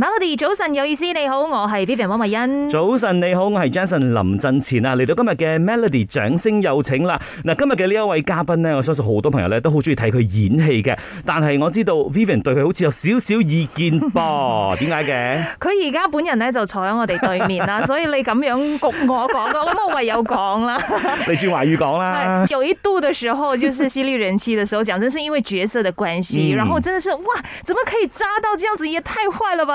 Melody 早晨有意思，你好，我係 Vivian 汪慧欣。早晨你好，我係 Jason 林振前啊，嚟到今日嘅 Melody 掌聲有請啦。嗱，今日嘅呢一位嘉賓呢，我相信好多朋友咧都好中意睇佢演戲嘅，但係我知道 Vivian 對佢好似有少少意見噃，點解嘅？佢而家本人咧就坐喺我哋對面啦， 所以你咁樣焗我講咁我,我唯有講啦，你轉華語講啦。一度嘅時候就是犀利人氣嘅時候，講真是因為角色嘅關係、嗯，然後真的是哇，怎麼可以渣到這樣子？也太壞了吧！